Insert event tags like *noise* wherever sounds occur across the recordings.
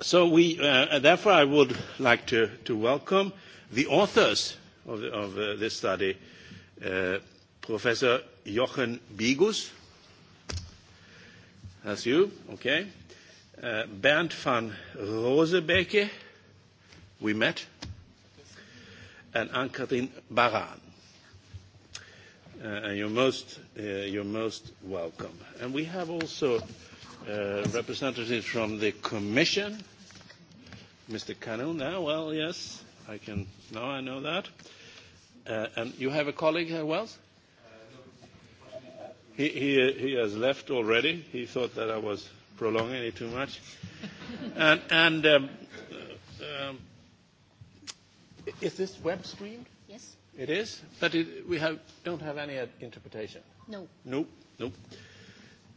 so we, uh, therefore, I would like to, to welcome the authors of, of uh, this study, uh, Professor Jochen Bigus. That's you, okay. Uh, Bernd van Rosebeke, we met, and Ann-Kathrin Baran. Uh, and you're most, uh, you're most welcome. And we have also uh, from the Commission. Mr. Cano now, well, yes, I can, now I know that. Uh, and you have a colleague, here, uh, Wells? He, he, he has left already. He thought that I was prolonging it too much. *laughs* and and um, um, is this web streamed? Yes. It is, but it, we have, don't have any interpretation. No. Nope. Nope.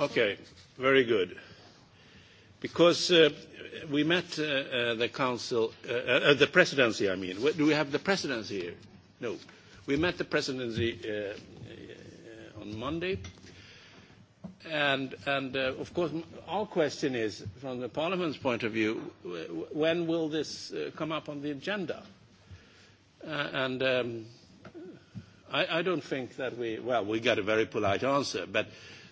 Okay, very good. Because uh, we met uh, uh, the council, uh, uh, the presidency, I mean. Do we have the presidency here? No. We met the presidency uh, on Monday. And, and of course, our question is, from the parliament's point of view, when will this come up on the agenda? And um, I, I don't think that we... Well, we got a very polite answer, but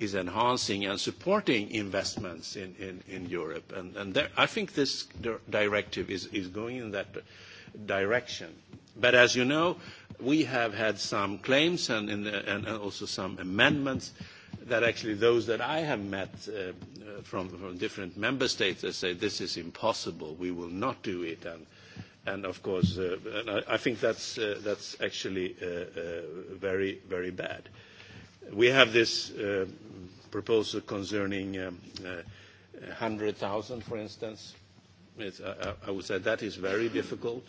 is enhancing and supporting investments in, in, in Europe. And, and there, I think this directive is, is going in that direction. But as you know, we have had some claims and, and, and also some amendments that actually those that I have met uh, from, from different member states that say this is impossible, we will not do it. And, and of course, uh, and I, I think that's, uh, that's actually uh, uh, very, very bad. We have this uh, proposal concerning um, uh, 100,000, for instance. It's, I, I would say that is very difficult.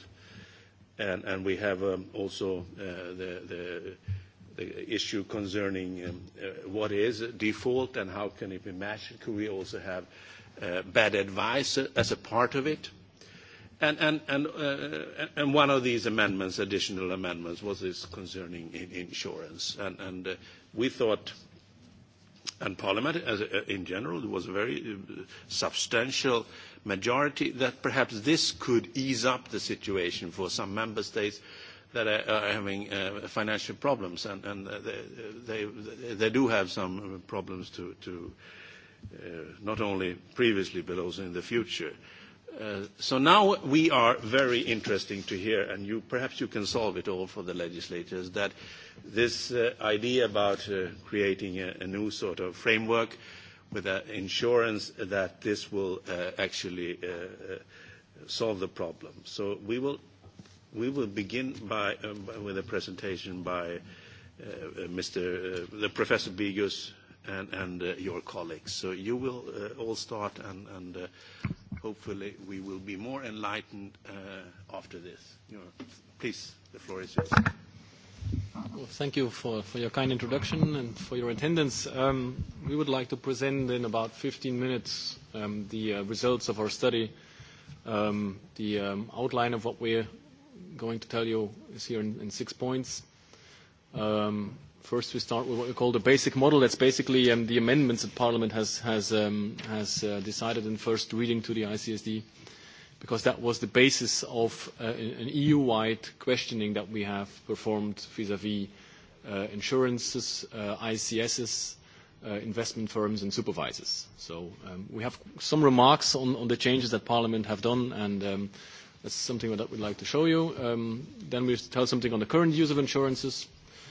And, and we have um, also uh, the, the, the issue concerning um, uh, what is default and how can it be matched. Could we also have uh, bad advice as a part of it? And, and, and, uh, and one of these amendments, additional amendments, was this concerning insurance. And, and uh, we thought and Parliament as, uh, in general. There was a very uh, substantial majority that perhaps this could ease up the situation for some member states that are, are having uh, financial problems, and, and uh, they, they, they do have some problems to, to uh, not only previously but also in the future. Uh, Uh, so now we are very interesting to hear, and you, perhaps you can solve it all for the legislators, that this uh, idea about uh, creating a, a new sort of framework with an insurance that this will uh, actually uh, uh, solve the problem. So we will, we will begin by, um, with a presentation by uh, uh, Mr. Uh, the Professor Bigus and, and uh, your colleagues. So you will uh, all start and, and uh, hopefully we will be more enlightened uh, after this. You know, please, the floor is yours. Well, thank you for, for your kind introduction and for your attendance. Um, we would like to present in about 15 minutes um, the uh, results of our study. Um, the um, outline of what we're going to tell you is here in, in six points. Um, First, we start with what we call the basic model. That's basically um, the amendments that Parliament has, has, um, has uh, decided in first reading to the ICSD, because that was the basis of uh, an EU-wide questioning that we have performed vis-à-vis -vis, uh, insurances, uh, ICSs, uh, investment firms, and supervisors. So um, we have some remarks on, on the changes that Parliament have done, and um, that's something that we'd like to show you. Um, then we tell something on the current use of insurances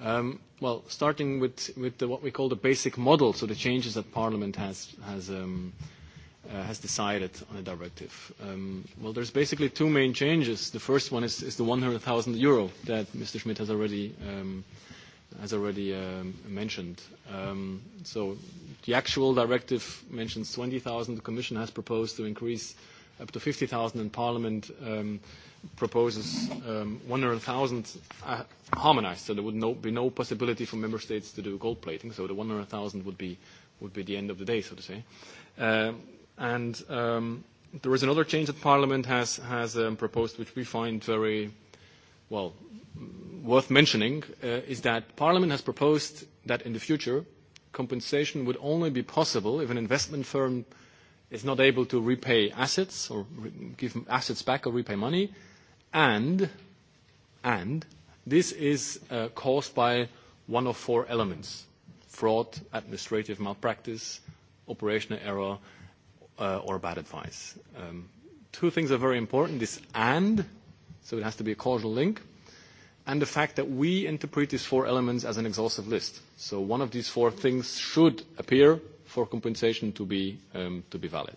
Um, well, starting with, with the, what we call the basic model, so the changes that Parliament has, has, um, uh, has decided on a directive. Um, well, there's basically two main changes. The first one is, is the 100,000 euro that Mr. Schmidt has already, um, has already um, mentioned. Um, so the actual directive mentions 20,000. The Commission has proposed to increase up to 50,000 and Parliament um, proposes um, 100,000 uh, harmonized, so there would no, be no possibility for member states to do gold plating, so the 100,000 would be, would be the end of the day, so to say. Um, and um, there is another change that Parliament has, has um, proposed, which we find very, well, worth mentioning, uh, is that Parliament has proposed that in the future, compensation would only be possible if an investment firm is not able to repay assets or re give assets back or repay money, and, and this is uh, caused by one of four elements: fraud, administrative malpractice, operational error, uh, or bad advice. Um, two things are very important: this and, so it has to be a causal link, and the fact that we interpret these four elements as an exhaustive list. So one of these four things should appear for compensation to be, um, to be valid.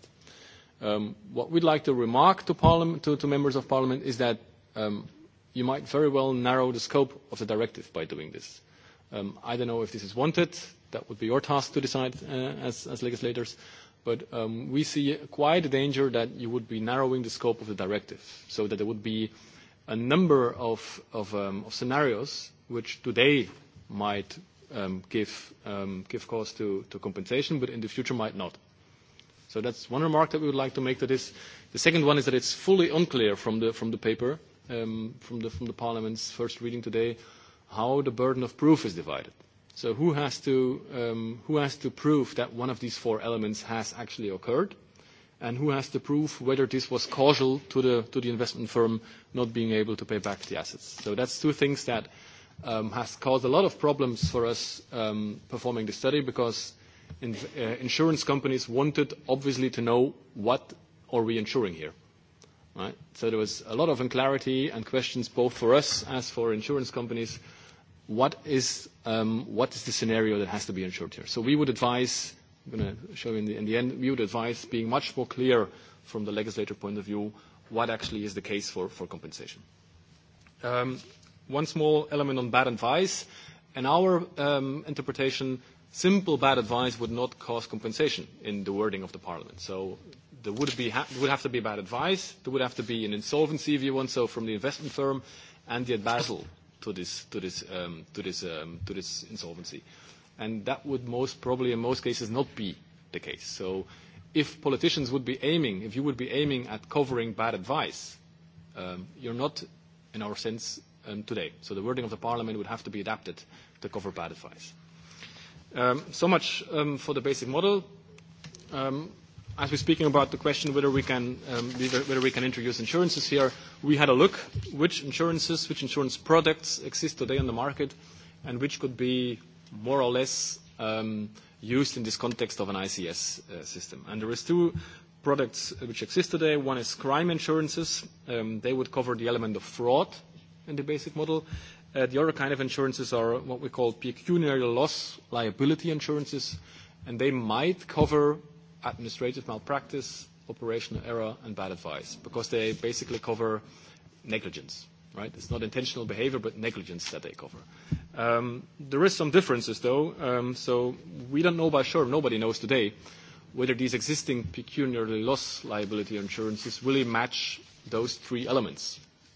Um, what we'd like to remark to, parliament, to, to members of parliament is that um, you might very well narrow the scope of the directive by doing this. Um, I don't know if this is wanted. That would be your task to decide uh, as, as legislators. But um, we see quite a danger that you would be narrowing the scope of the directive so that there would be a number of, of, um, of scenarios which today might Um, give, um, cause to, compensation, but in the future might not. So that's one remark that we would like to make to this. The second one is that it's fully unclear from the, from the paper, um, from, the, Parliament's first reading today, how the burden of proof is divided. So who has to, who has to prove that one of these four elements has actually occurred? And who has to prove whether this was causal to the, to the investment firm not being able to pay back the assets? So that's two things that um, has caused a lot of problems for us um, performing the study because in, uh, insurance companies wanted, obviously, to know what are we insuring here. Right? So there was a lot of unclarity and questions both for us as for insurance companies. What is, um, what is the scenario that has to be insured here? So we would advise, I'm going to show you in the, in the end, we would advise being much more clear from the legislator point of view what actually is the case for, for compensation. Um, One small element on bad advice. In our um, interpretation, simple bad advice would not cause compensation in the wording of the parliament. So there would, be ha- would have to be bad advice, there would have to be an insolvency, if you want so, from the investment firm and the advisal to this, to this, um, to this, um, to this insolvency. And that would most probably, in most cases, not be the case. So if politicians would be aiming, if you would be aiming at covering bad advice, um, you're not, in our sense, um, today. So the wording of the Parliament would have to be adapted to cover bad advice. Um, so much um, for the basic model. Um, as we're speaking about the question whether we can um, whether we can introduce insurances here, we had a look which insurances, which insurance products exist today on the market, and which could be more or less um, used in this context of an ICS uh, system. And there is two products which exist today. One is crime insurances. Um, they would cover the element of fraud in the basic model. Uh, the other kind of insurances are what we call pecuniary loss liability insurances, and they might cover administrative malpractice, operational error, and bad advice because they basically cover negligence. Right? It's not intentional behavior, but negligence that they cover. Um, there is some differences, though. Um, so we don't know by sure. Nobody knows today whether these existing pecuniary loss liability insurances really match those three elements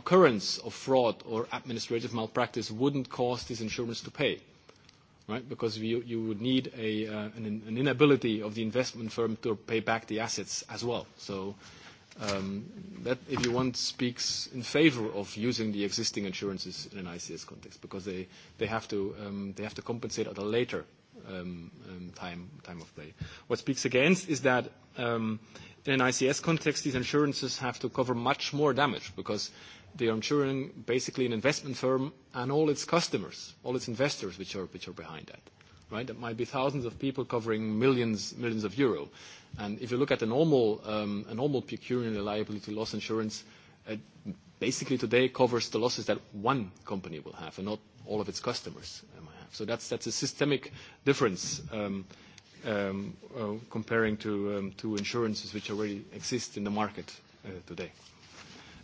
occurrence of fraud or administrative malpractice wouldn't cause these insurers to pay, right? Because you, you would need a, uh, an, an inability of the investment firm to pay back the assets as well. So um, that, if you want, speaks in favor of using the existing insurances in an ICS context because they, they, have, to, um, they have to compensate at a later um, um, time, time of play. What speaks against is that um, in an ICS context, these insurances have to cover much more damage because they are insuring basically an investment firm, and all its customers, all its investors, which are, behind that. Right? That might be thousands of people covering millions, of EUR. if you look at a normal, um, pecuniary liability loss insurance, it basically today covers the losses that one company will have, and not all of its customers might um, have. that's, a systemic difference um, uh, comparing to, insurances which already exist in the market uh, today.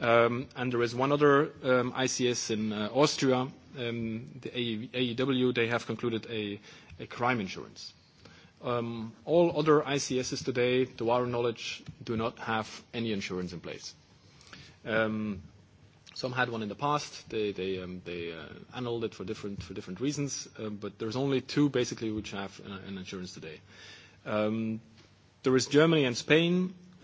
Um, and there is one other um, ICS in uh, Austria, um, the AEW, e they have concluded a, crime insurance. all other ICSs today, to our knowledge, do not have any insurance in place. some had one in the past. They, uh, annulled it for different, reasons, but there's only two basically which have uh, an, insurance today. there is Germany and Spain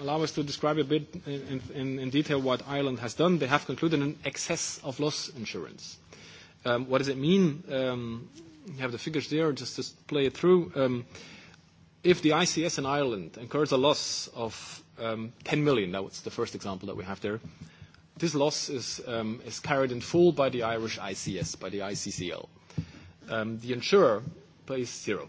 allow us to describe a bit in, in, in detail what Ireland has done. They have concluded an excess of loss insurance. Um, what does it mean? Um, you have the figures there, just to play it through. Um, if the ICS in Ireland incurs a loss of um, 10 million, that was the first example that we have there, this loss is, um, is carried in full by the Irish ICS, by the ICCL. Um, the insurer pays zero.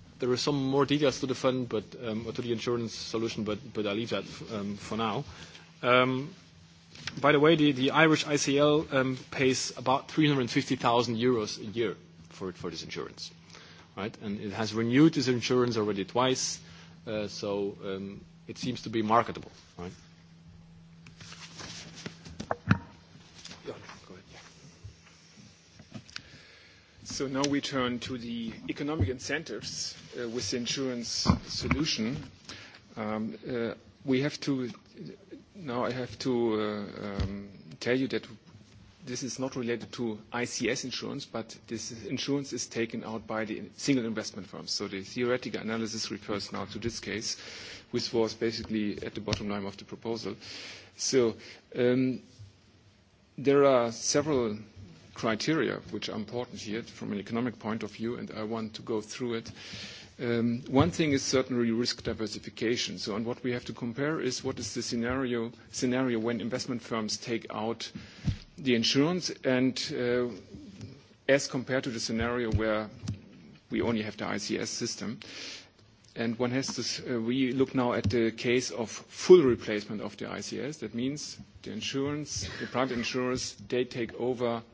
There are some more details to the fund, but um, or to the insurance solution, but but I leave that um, for now. Um, by the way, the, the Irish ICL um, pays about 350,000 euros a year for for this insurance, right? And it has renewed this insurance already twice, uh, so um, it seems to be marketable, right? So now we turn to the economic incentives uh, with the insurance solution. Um, uh, we have to now I have to uh, um, tell you that this is not related to ICS insurance, but this insurance is taken out by the single investment firms. So the theoretical analysis refers now to this case, which was basically at the bottom line of the proposal. So um, there are several criteria which are important here from an economic point of view, and I want to go through it. Um, one thing is certainly risk diversification. So, and what we have to compare is what is the scenario, scenario when investment firms take out the insurance and uh, as compared to the scenario where we only have the ICS system. And one has to, uh, we look now at the case of full replacement of the ICS. That means the insurance, the private insurers, they take over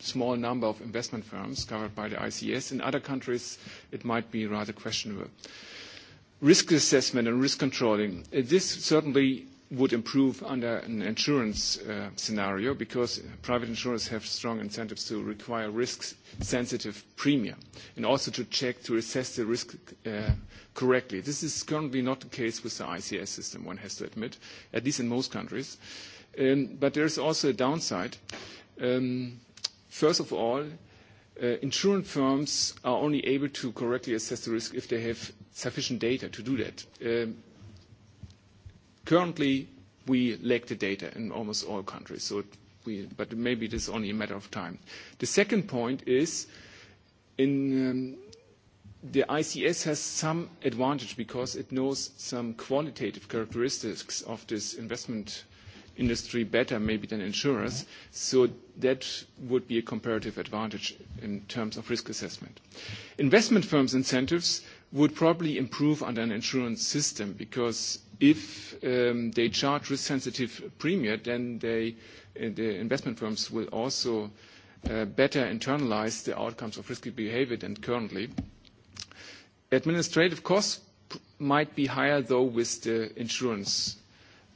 small number of investment firms covered by the ICS. In other countries, it might be rather questionable. Risk assessment and risk controlling. Uh, this certainly would improve under an insurance uh, scenario because private insurers have strong incentives to require risk-sensitive premium and also to check, to assess the risk uh, correctly. This is currently not the case with the ICS system, one has to admit, at least in most countries. Um, There's also a downside. Um, First of all, uh, insurance firms are only able to correctly assess the risk if they have sufficient data to do that. Um, currently, we lack the data in almost all countries, so but maybe it is only a matter of time. The second point is um, the ICS has some advantage because it knows some qualitative characteristics of this investment industry better maybe than insurers. So that would be a comparative advantage in terms of risk assessment. Investment firms' incentives would probably improve under an insurance system because if um, they charge risk-sensitive premium, then they, uh, the investment firms will also uh, better internalize the outcomes of risky behavior than currently. Administrative costs might be higher, though, with the insurance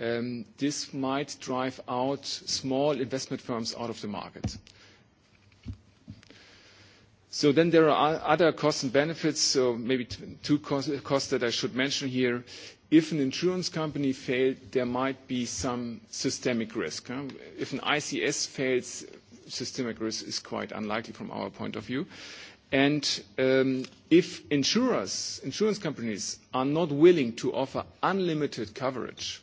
Um, this might drive out small investment firms out of the market. there are other costs and benefits, maybe two costs that I should mention here. If an insurance company failed, there might be some systemic risk. If an ICS fails, systemic risk is quite unlikely from our point of view. Um, if insurers, insurance companies are not willing to offer unlimited coverage,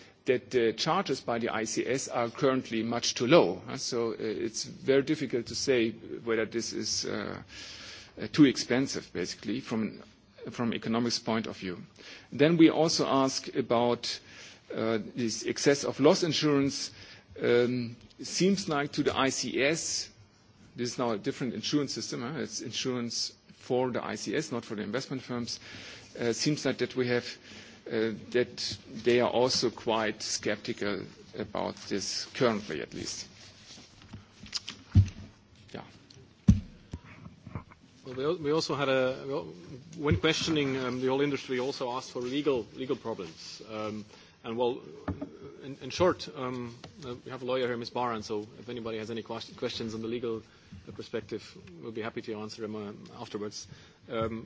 that the charges by the ICS are currently much too low. Uh, so uh, it's very difficult to say whether this is uh, too expensive, basically, from from economics point of view. Then we also ask about this excess of loss insurance. Um, seems like to the ICS, this is now a different insurance system. It's insurance for the ICS, not for the investment firms. Uh, seems like that we have Uh, that they are also quite skeptical about this currently, at least. Well, we also had a well, when questioning um, the whole industry, also asked for legal legal problems. Um, and well, in, in short, um, uh, we have a lawyer here, Ms. Baran, so if anybody has any questions on the legal perspective, we'll be happy to answer them uh, afterwards. Um,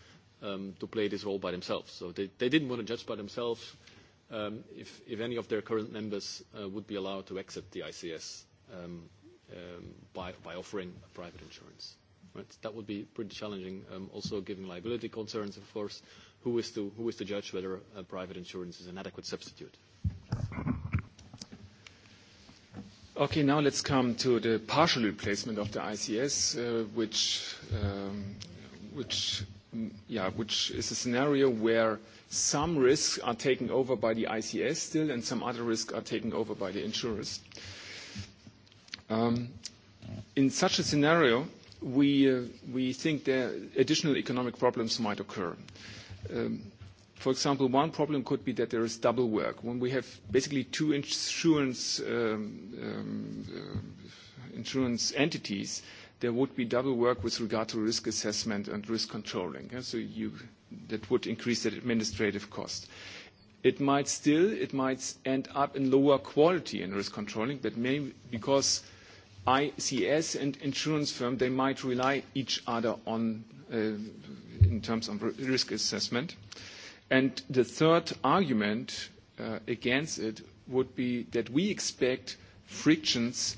um, to play this role by themselves. So they, they didn't want to judge by themselves um, if, if any of their current members uh, would be allowed to exit the ICS um, um, by, by offering private insurance. Right? That would be pretty challenging, um, also given liability concerns, of course. Who is to, who is to judge whether a private insurance is an adequate substitute? Okay, now let's come to the partial replacement of the ICS, uh, which, um, which Mm, yeah, which is a scenario where some risks are taken over by the ICS still, and some other risks are taken over by the insurers. Um, in such a scenario, we, uh, we think that additional economic problems might occur. Um, for example, one problem could be that there is double work. When we have basically two insurance, um, um, uh, insurance entities, there would be double work with regard to risk assessment and risk controlling. So you, that would increase that administrative cost. It might still, it might end up in lower quality in risk controlling, but maybe because ICS and insurance firm, they might rely each other on uh, in terms of risk assessment. And the third argument uh, against it would be that we expect frictions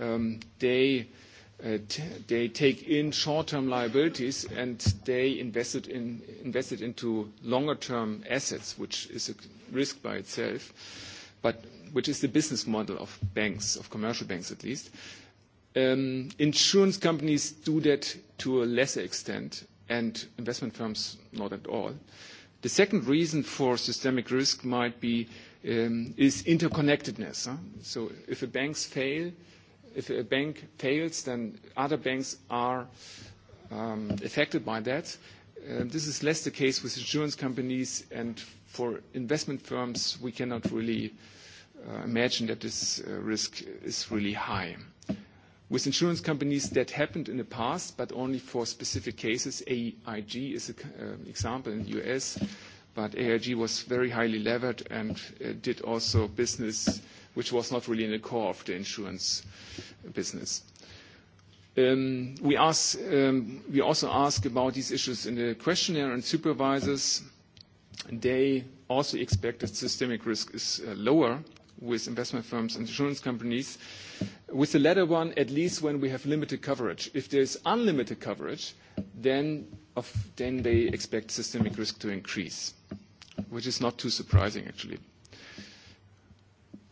Um, uh, they take in short-term liabilities and they invested in into longer-term assets, which is a risk by itself, but which is the business model of banks, of commercial banks at least. Um, insurance companies do that to a lesser extent, and investment firms not at all. The second reason for systemic risk might be um, interconnectedness. if a banks fail, if a bank fails, then other banks are um, affected by that. Uh, this is less the case with insurance companies, and for investment firms, we cannot really uh, imagine that this uh, risk is really high. With insurance companies, that happened in the past, but only for specific cases. AIG is an uh, example in the U.S., but AIG was very highly levered and uh, did also business which was not really in the core of the insurance business. Um, we, ask, um, we also ask about these issues in the questionnaire, and supervisors, they also expect that systemic risk is uh, lower with investment firms and insurance companies. With the latter one, at least when we have limited coverage. If there is unlimited coverage, then, of, then they expect systemic risk to increase, which is not too surprising, actually.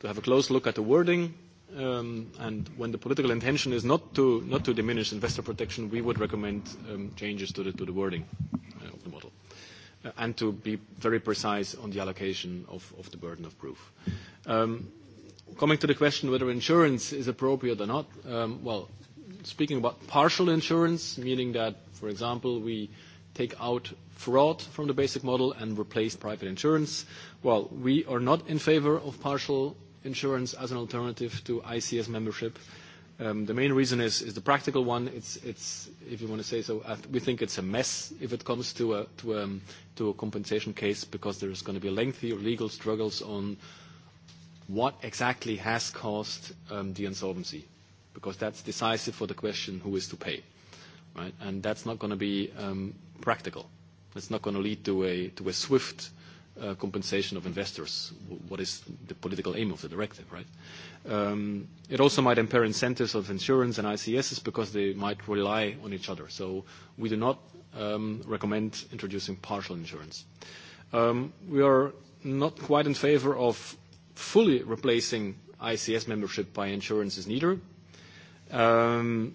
to have a close look at the wording. Um, and when the political intention is not to, not to diminish investor protection, we would recommend um, changes to the, to the wording uh, of the model. Uh, and to be very precise on the allocation of, of the burden of proof. Um, coming to the question whether insurance is appropriate or not, um, well, speaking about partial insurance, meaning that, for example, we take out fraud from the basic model and replace private insurance. Well, we are not in favor of partial insurance as an alternative to ICS membership. Um, the main reason is, the practical one. It's, if you want to say so, we think it's a mess if it comes to a, um, compensation case because there is going to be lengthy legal struggles on what exactly has caused um, the insolvency, because that's decisive for the question who is to pay, right? And that's not going to be practical. It's not going to lead to a swift Uh, compensation of investors. What is the political aim of the directive, right? Um, it also might impair incentives of insurance and ICSs because they might rely on each other. So we do not um, recommend introducing partial insurance. Um, we are not quite in favor of fully replacing ICS membership by insurances neither. Um,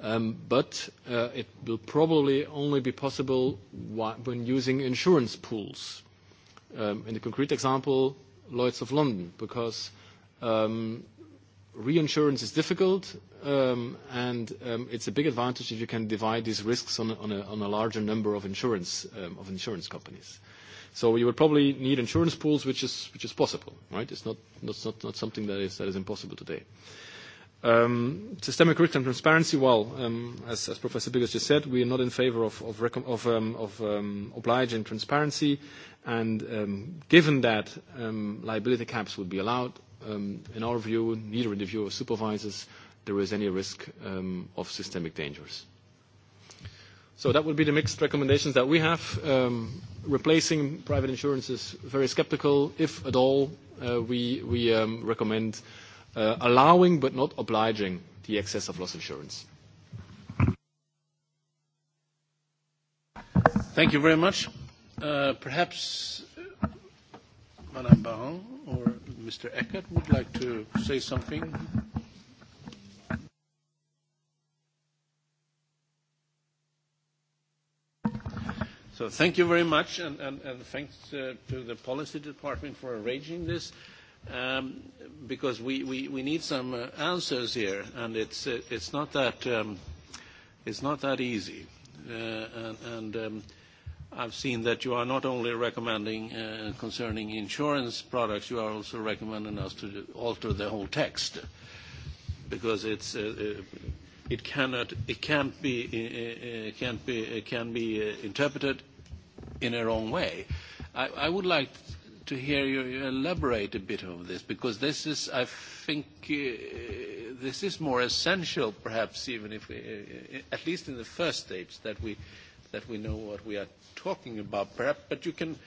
Um, but uh, it will probably only be possible when using insurance pools. Um, in the concrete example, Lloyd's of London, because um, reinsurance is difficult, um, and it's a big advantage if you can divide these risks on, on, a, on a larger number of insurance, of insurance companies. So you would probably need insurance pools, which is, which is possible, right? It's not, not, not, not something that is, that is impossible today. Um, systemic risk and transparency, well, um, as, as Professor Biggers just said, we are not in favor of, of, of, um, of um, obliging transparency. And um, given that um, liability caps would be allowed, um, in our view, neither in the view of supervisors, there is any risk um, of systemic dangers. So that would be the mixed recommendations that we have. Um, replacing private insurance is very skeptical. If at all, uh, we, we um, recommend Uh, allowing but not obliging the excess of loss insurance. Thank you very much. Uh, perhaps uh, Madame Baron or Mr. Eckert would like to say something. So thank you very much, and, thanks to the policy department for arranging this. Um, because we, we, we need some uh, answers here, and it's, uh, it's, not, that, um, it's not that easy. Uh, and and um, I've seen that you are not only recommending uh, concerning insurance products, you are also recommending us to alter the whole text because it's, uh, uh it, cannot, it can't be, it can't be, it can be interpreted in a wrong way. I, I would like to hear you elaborate a bit on this, because this is, I think, uh, this is more essential, perhaps, even if we, uh, uh, at least in the first stage, that we, that we know what we are talking about, perhaps. But you can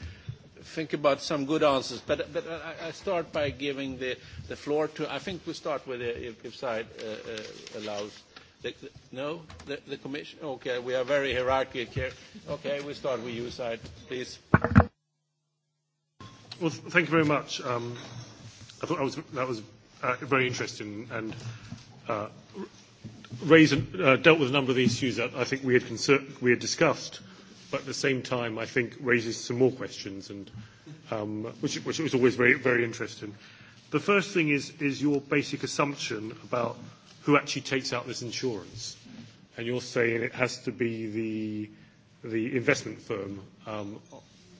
think about some good answers. But, but I, I start by giving the, the floor to, I think we start with, the, uh, if, if side uh, uh, allows, The, the, no? The, the commission? Okay, we are very hierarchical here. Okay, we start with you, side, please. Well, thank you very much. Um, I thought that was, that was uh, very interesting and uh, raised uh, dealt with a number of the issues that I think we had, we had discussed, but at the same time, I think raises some more questions, and, um, which, which was always very, very interesting. The first thing is, is your basic assumption about who actually takes out this insurance. And you're saying it has to be the, the investment firm um,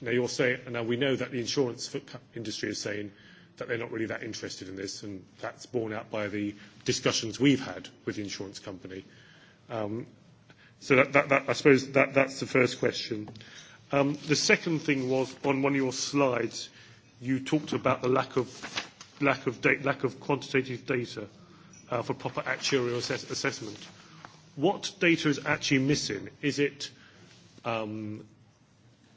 Now you're saying, now we know that the insurance industry is saying that they're not really that interested in this, and that's borne out by the discussions we've had with the insurance company. Um, so that, I suppose that's the first question. Um, the second thing was on one of your slides, you talked about the lack of, quantitative data uh, for proper actuarial assessment. What data is actually missing? Is it um,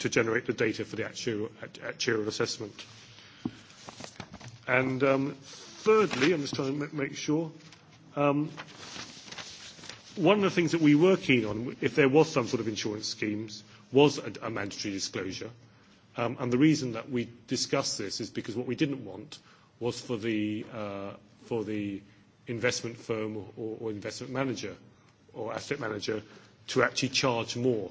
to generate the data for the actuarial, actual assessment. And um, thirdly, I'm just trying to make sure, um, one of the things that we were keen on, if there was some sort of insurance schemes, was a, a mandatory disclosure. Um, and the reason that we discussed this is because what we didn't want was for the, uh, for the investment firm or, or investment manager or asset manager to actually charge more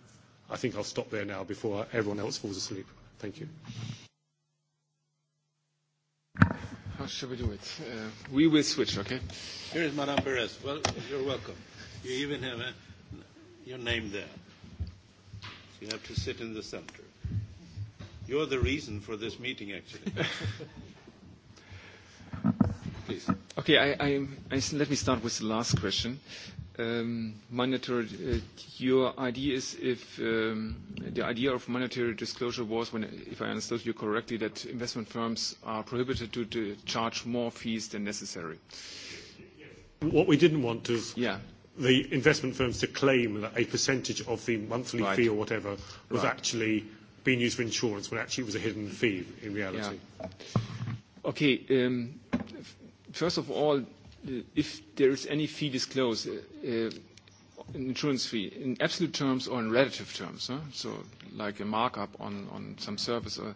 I think I'll stop there now before everyone else falls asleep. Thank you. How shall we do it? Uh, we will switch, okay? Here is Madame Perez. Well, you're welcome. You even have a, uh, your name there. So you have to sit in the center. You're the reason for this meeting, actually. *laughs* please. Okay, I, I, I, let me start with the last question. Um, monetary, uh, your idea is if um, the idea of monetary disclosure was, when, if I understood you correctly, that investment firms are prohibited to, to charge more fees than necessary. What we didn't want is yeah. the investment firms to claim that a percentage of the monthly right. fee or whatever was right. actually being used for insurance when actually it was a hidden fee in reality. Yeah. Okay. Um, first of all, uh, if there is any fee disclosed, uh, uh, insurance fee in absolute terms or in relative terms, huh? so like a markup on, on some service, uh,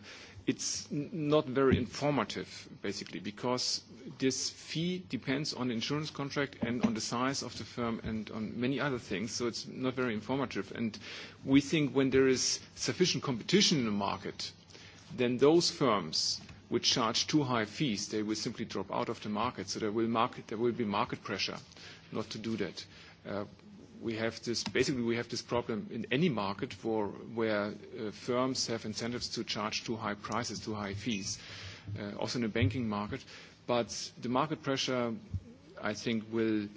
it's not very informative, basically, because this fee depends on the insurance contract and on the size of the firm and on many other things, so it's not very informative. And we think when there is sufficient competition in the market, then those firms would charge too high fees, they will simply drop out of the market. there will, be market pressure not to do that. Uh, basically, we have this problem in any market where uh, firms have incentives to charge too high prices, too high fees, uh, also in the banking market. the market pressure, I think, will,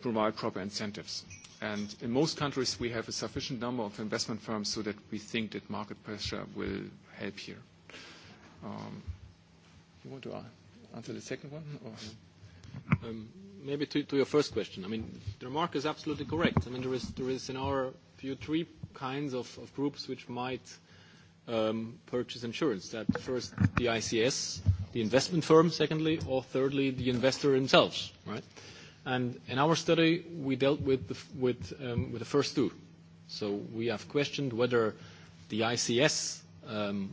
provide proper incentives. in most countries, we have a sufficient number of investment firms so that we think that market pressure will help here. Um, you want to uh, answer the second one? Or? Um, maybe to, to your first question. I mean, the remark is absolutely correct. I mean, there is, there is in our view three kinds of, of groups which might um, purchase insurance. That first, the ICS, the investment firm, secondly, or thirdly, the investor themselves, right? And in our study, we dealt with the, with, um, with the first two. So we have questioned whether the ICS um,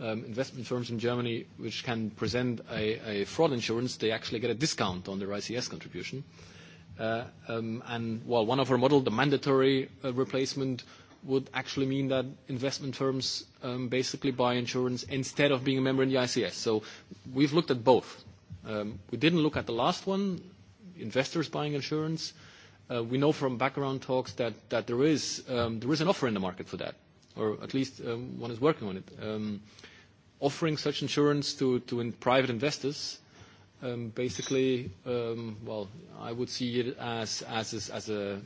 Um, investment firms in Germany which can present a, fraud insurance, they actually get a discount on their ICS contribution. Uh, um, and while one of our model, the mandatory uh, replacement, would actually mean that investment firms um, basically buy insurance instead of being a member in the ICS. So we've looked at both. we didn't look at the last one, investors buying insurance. Uh, we know from background talks that, there, is, there is an offer in the market for that or at least um, one is working on it. Um, offering such insurance to, private investors, um, basically, well, I would see it as, a,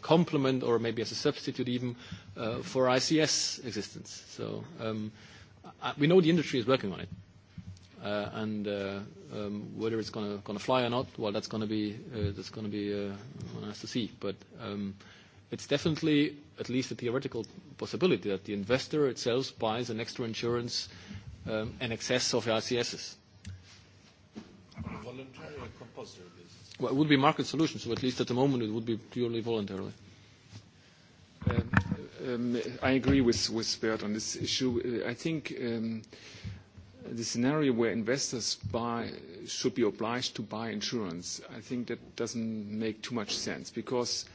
complement or maybe as a substitute even uh, for ICS existence. we know the industry is working on it. Uh, uh, whether it's going to fly or not, well, that's going to be, one has to see. it's definitely, at least a theoretical possibility that the investor itself buys an extra insurance um, in excess of ICSs. Voluntary or compulsory basis? Well, it would be market solutions, so at least at the moment it would be purely voluntarily. Um, um, I agree with, Bert on this issue. Uh, I think the scenario where investors buy, should be obliged to buy insurance, I think that doesn't make too much sense because –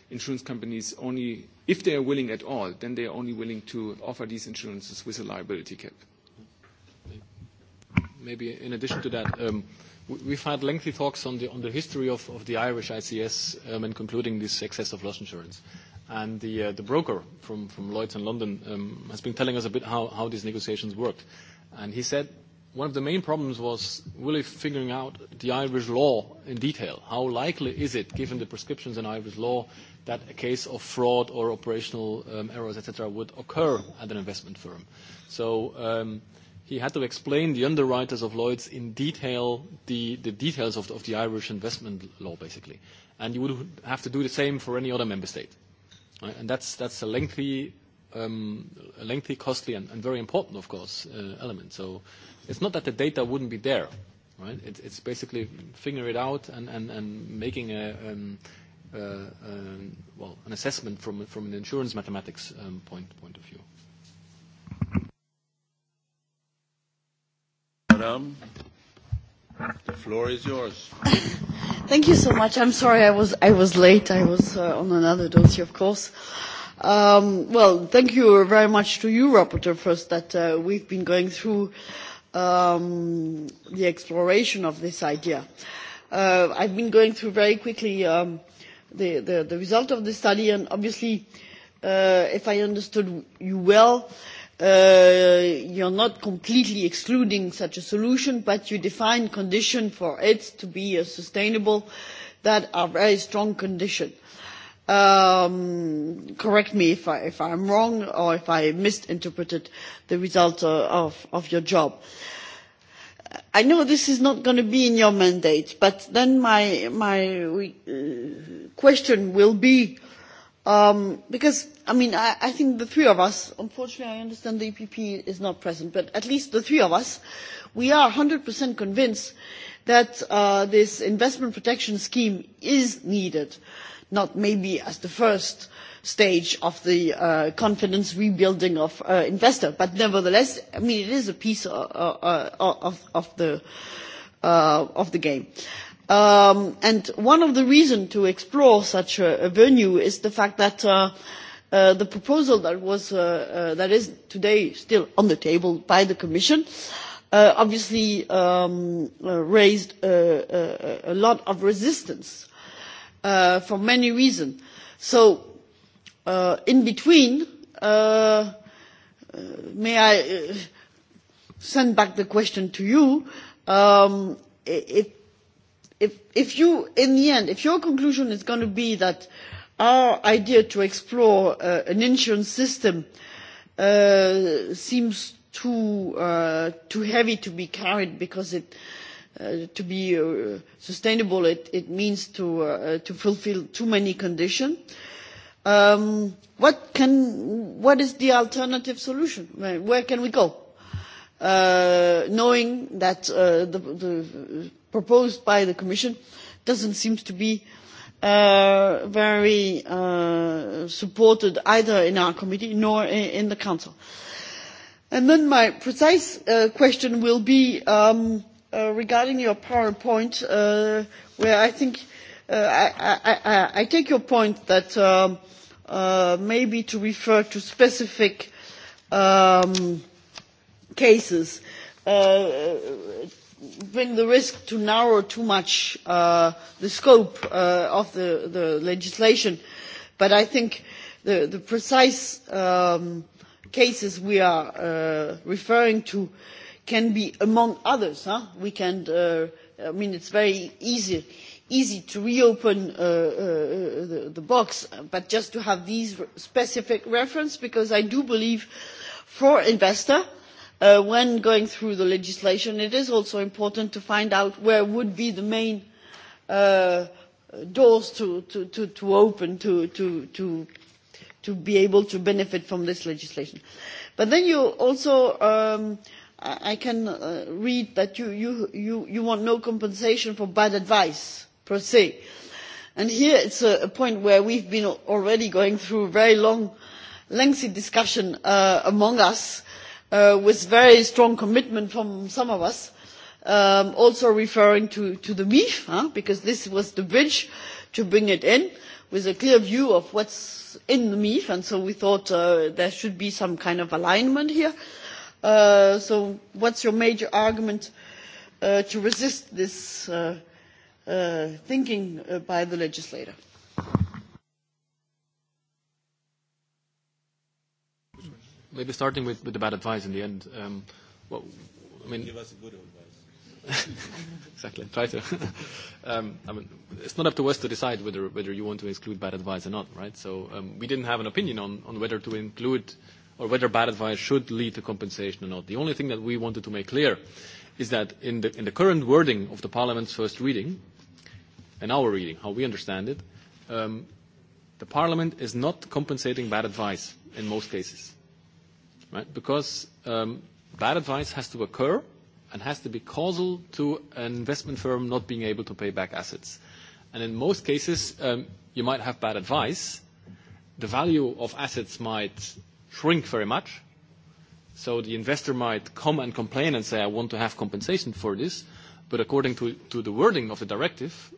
insurance companies only, if they are willing at all, then they are only willing to offer these insurances with a liability cap. Maybe in addition to that, um, we've had lengthy talks on the, on the history of, of the Irish ICS um, and concluding this excess of loss insurance. And the, uh, the broker from, from Lloyd's in London um, has been telling us a bit how, how these negotiations worked. And he said one of the main problems was really figuring out the Irish law in detail. How likely is it, given the prescriptions in Irish law, that a case of fraud or operational um, errors, etc., would occur at an investment firm. So um, he had to explain the underwriters of Lloyd's in detail the, the details of the, of the Irish investment law, basically. And you would have to do the same for any other member state. Right? And that's, that's a lengthy um, a lengthy, costly, and, and very important, of course, uh, element. So it's not that the data wouldn't be there, right? It, it's basically figuring it out and, and, and making a, um, uh, um, well, an assessment from, from an insurance mathematics um, point, point of view. Madam, the floor is yours. *coughs* Thank you so much. I'm sorry I was, I was late. I was uh, on another dossier, of course. Um, well, thank you very much to you, Rapporteur, first, that uh, we've been going through um, the exploration of this idea. Uh, I've been going through very quickly um, the, result of the study and obviously uh, if I understood you well uh, you're not completely excluding such a solution but you define conditions for it to be uh, sustainable that are very strong conditions. Um, correct me if, I, if I'm wrong or if I misinterpreted the result uh, of, of your job. Uh, I know this is not going to be in your mandate, but then my, my uh, question will be, um, because, I mean, I, I think the three of us, unfortunately I understand the EPP is not present, but at least the three of us, we are 100% convinced that uh, this investment protection scheme is needed, not maybe as the first stage of the uh, confidence rebuilding of uh, investors. But nevertheless, I mean, it is a piece of, uh, uh, uh, of, of, the, uh, of the game. Um, and one of the reasons to explore such a, a venue is the fact that uh, uh, the proposal that, was, uh, uh, that is today still on the table by the Commission uh, obviously um, uh, raised uh, uh, a lot of resistance uh, for many reasons. So Uh, in between, uh, uh, may I uh, send back the question to you? Um, if, if, if you, in the end, if your conclusion is going to be that our idea to explore uh, an insurance system uh, seems too, uh, too heavy to be carried because it, uh, to be uh, sustainable, it, it means to, uh, to fulfill too many conditions. Uh, Um, what, can, what is the alternative solution? Where, can we go? Uh, knowing that uh, the, the proposed by the Commission doesn't seem to be uh, very uh, supported either in our committee nor in, in the Council. And then my precise uh, question will be um, uh, regarding your PowerPoint, uh, where I think uh, Uh, I, take your point that um, uh, maybe to refer to specific um, cases brings uh, bring the risk to narrow too much the scope of the, legislation. But I think the, precise um, cases we are referring to can be among others. We can, I mean, it's very easy easy to reopen uh, uh, uh, the, box but just to have these specific references because i do believe for investors when going through the legislation it is also important to find out where would be the main doors to, to open to be able to benefit from this legislation. but then you also um, i can read that you want no compensation for bad advice per se. And here it's a, point where we've been already going through a very long, lengthy discussion uh, among us uh, with very strong commitment from some of us, um, also referring to, the MIF, because this was the bridge to bring it in with a clear view of what's in the MIF, and so we thought uh, there should be some kind of alignment here. so so what's your major argument to resist this Uh, thinking uh, by the legislator. Maybe starting with, with the bad advice in the end. Um, what, I mean, give us a good advice. *laughs* exactly. Try to. *laughs* um, I mean, it's not up to us to decide whether whether you want to exclude bad advice or not, right? So um, we didn't have an opinion on, on whether to include or whether bad advice should lead to compensation or not. The only thing that we wanted to make clear is that in the, in the current wording of the Parliament's first reading, in our reading, how we understand it, um, the Parliament is not compensating bad advice in most cases, right? Because um, bad advice has to occur and has to be causal to an investment firm not being able to pay back assets. And in most cases, um, you might have bad advice. The value of assets might shrink very much, So the investor might come and complain and say, I want to have compensation for this, but according to, to the wording of the directive,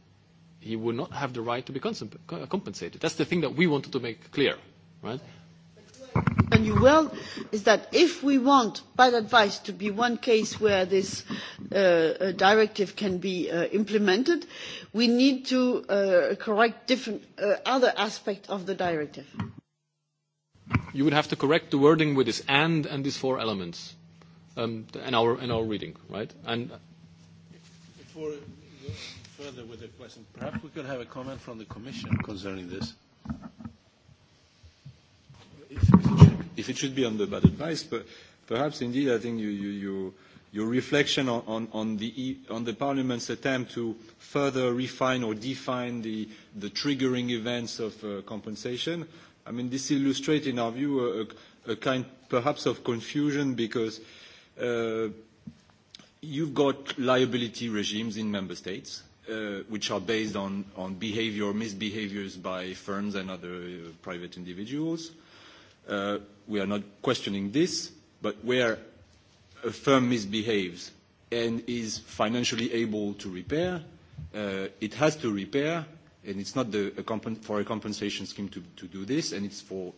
he would not have the right to be compensated. That's the thing that we wanted to make clear, right? And you will, is that if we want bad advice to be one case where this uh, uh, directive can be uh, implemented, we need to uh, correct different uh, other aspects of the directive. Mm-hmm you would have to correct the wording with this and and these four elements um, in, our, in our reading, right? And Before we go further with the question, perhaps we could have a comment from the Commission concerning this. If, if, it, should, if it should be on the bad advice, but perhaps indeed I think you, you, you, your reflection on, on, on, the, e, on the Parliament's attempt to further refine or define the, the triggering events of uh, compensation I mean, this illustrates, in our view, a, a kind perhaps of confusion because uh, you've got liability regimes in member states, uh, which are based on, on behavior or misbehaviors by firms and other uh, private individuals. Uh, we are not questioning this, but where a firm misbehaves and is financially able to repair, uh, it has to repair And it's not the, a compen- for a compensation scheme to, to do this, and it's for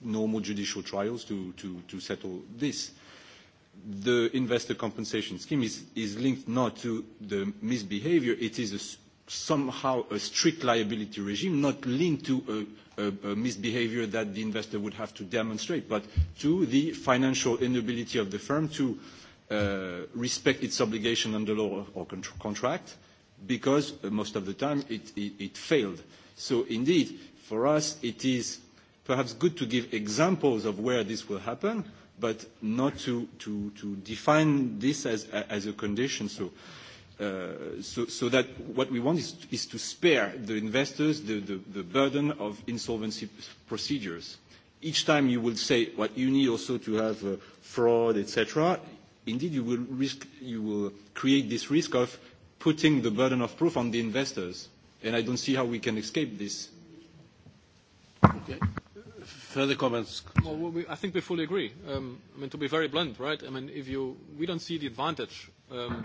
normal judicial trials to, to, to settle this. The investor compensation scheme is, is linked not to the misbehavior, it is a, somehow a strict liability regime, not linked to a, a, a misbehavior that the investor would have to demonstrate, but to the financial inability of the firm to uh, respect its obligation under law or, or contract, uh, because most of the time it, failed. So indeed, for us, it is perhaps good to give examples of where this will happen, but not to, define this as, a condition. Uh, so, that what we want is, to spare the investors the, burden of insolvency procedures. Each time you will say what you need also to have uh, fraud, etc., indeed you will, you will create this risk of putting the burden of proof on the investors, and I don't see how we can escape this. Okay. Further comments? Well, we, I think we fully agree. Um, I mean, to be very blunt, right? I mean, if you, we don't see the advantage. Um,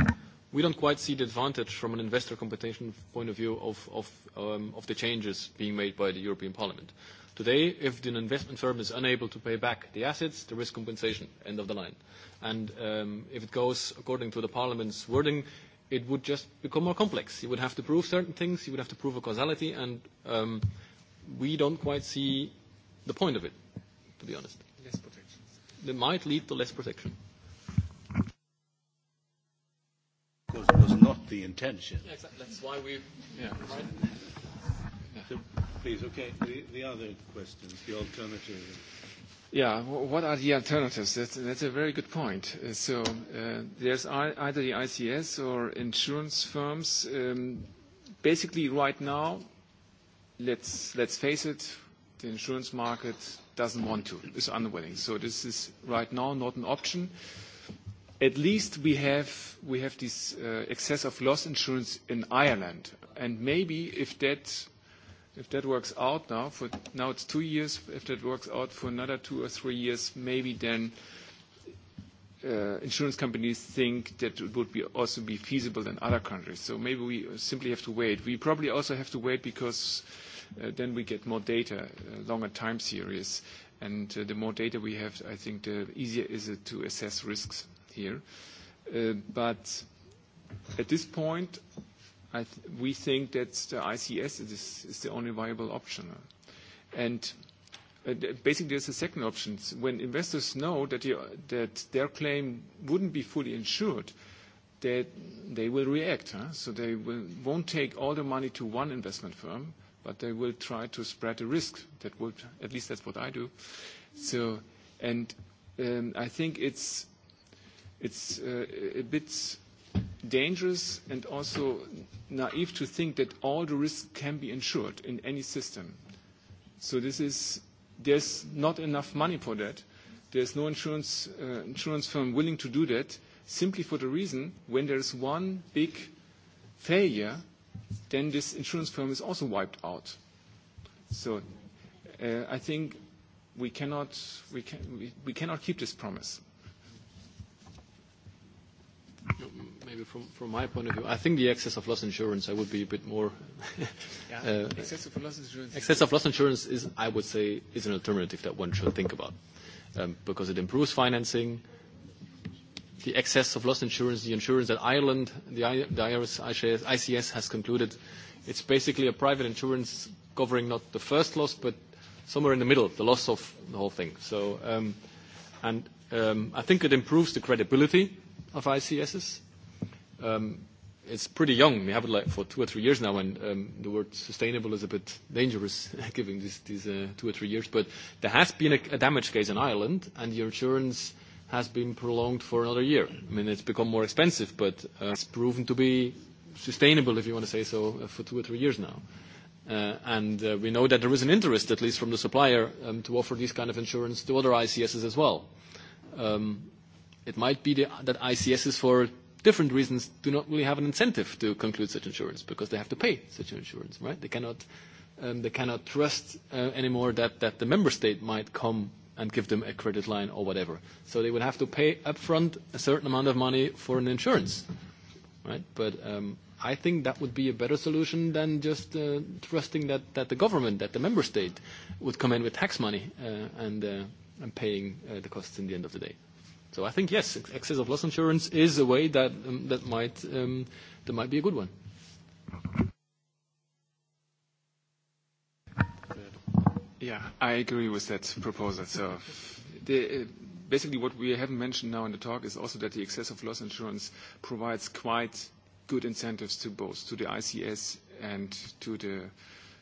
we don't quite see the advantage from an investor competition point of view of, of, um, of the changes being made by the European Parliament. Today, if an investment firm is unable to pay back the assets, the risk compensation, end of the line. And um, if it goes according to the Parliament's wording, it would just become more complex. You would have to prove certain things, you would have to prove a causality, and um, we don't quite see the point of it, to be honest. Less protection. They might lead to less protection. Because it was not the intention. Yeah, exactly. That's why we. Yeah. Right? So, please, okay, the, the other questions, the alternative. Yeah, what are the alternatives? That's, that's a very good point. Uh, so uh, there's either the ICS or insurance firms. Um, basically, right now, let's, let's face it, the insurance market doesn't want to, is unwilling. So this is right now not an option. At least we have, we have this uh, excess of loss insurance in Ireland. And maybe if that If that works out now, for now it's two years. If that works out for another two or three years, maybe then uh, insurance companies think that it would be also be feasible in other countries. So maybe we simply have to wait. We probably also have to wait because uh, then we get more data, uh, longer time series. And uh, the more data we have, I think the easier is it to assess risks here. Uh, but at this point, we think that the ICS is, is the only viable option. And uh, basically, there's a second option. When investors know that, you, that their claim wouldn't be fully insured, that they, they will react. Huh? So they will, won't take all the money to one investment firm, but they will try to spread the risk. That would, at least that's what I do. So, and um, I think it's, it's uh, a bit dangerous and also naive to think that all the risks can be insured in any system. So this is, there's not enough money for that. There's no insurance, uh, insurance firm willing to do that simply for the reason when there is one big failure, then this insurance firm is also wiped out. So uh, I think we cannot, we, can, we, we cannot keep this promise. Maybe from, my point of view, I think the excess of loss insurance, I would be a bit more. yeah, *laughs* uh, excess of loss insurance. Excess of loss insurance is, I would say, is an alternative that one should think about um, because it improves financing. The excess of loss insurance, the insurance that Ireland, the, I, ICS has concluded, it's basically a private insurance covering not the first loss, but somewhere in the middle, the loss of the whole thing. Um, um, I think it improves the credibility of ICSs. Um, it's pretty young. We have it like for two or three years now, and um, the word sustainable is a bit dangerous *laughs* given these, these uh, two or three years. But there has been a, a damage case in Ireland, and the insurance has been prolonged for another year. I mean, it's become more expensive, but uh, it's proven to be sustainable, if you want to say so, uh, for two or three years now. Uh, and uh, we know that there is an interest, at least from the supplier, um, to offer these kind of insurance to other ICSs as well. Um, It might be that ICSs, for different reasons, do not really have an incentive to conclude such insurance because they have to pay such insurance, right? They cannot, um, they cannot trust uh, anymore that, that the member state might come and give them a credit line or whatever. So they would have to pay upfront a certain amount of money for an insurance, right? But um, I think that would be a better solution than just uh, trusting that, that the government, that the member state, would come in with tax money uh, and, uh, and paying uh, the costs in the end of the day. So I think, yes, excess of loss insurance is a way that, um, that, might, um, that might be a good one. Yeah, I agree with that proposal. So the, uh, basically what we haven't mentioned now in the talk is also that the excess of loss insurance provides quite good incentives to both, to the ICS and to the,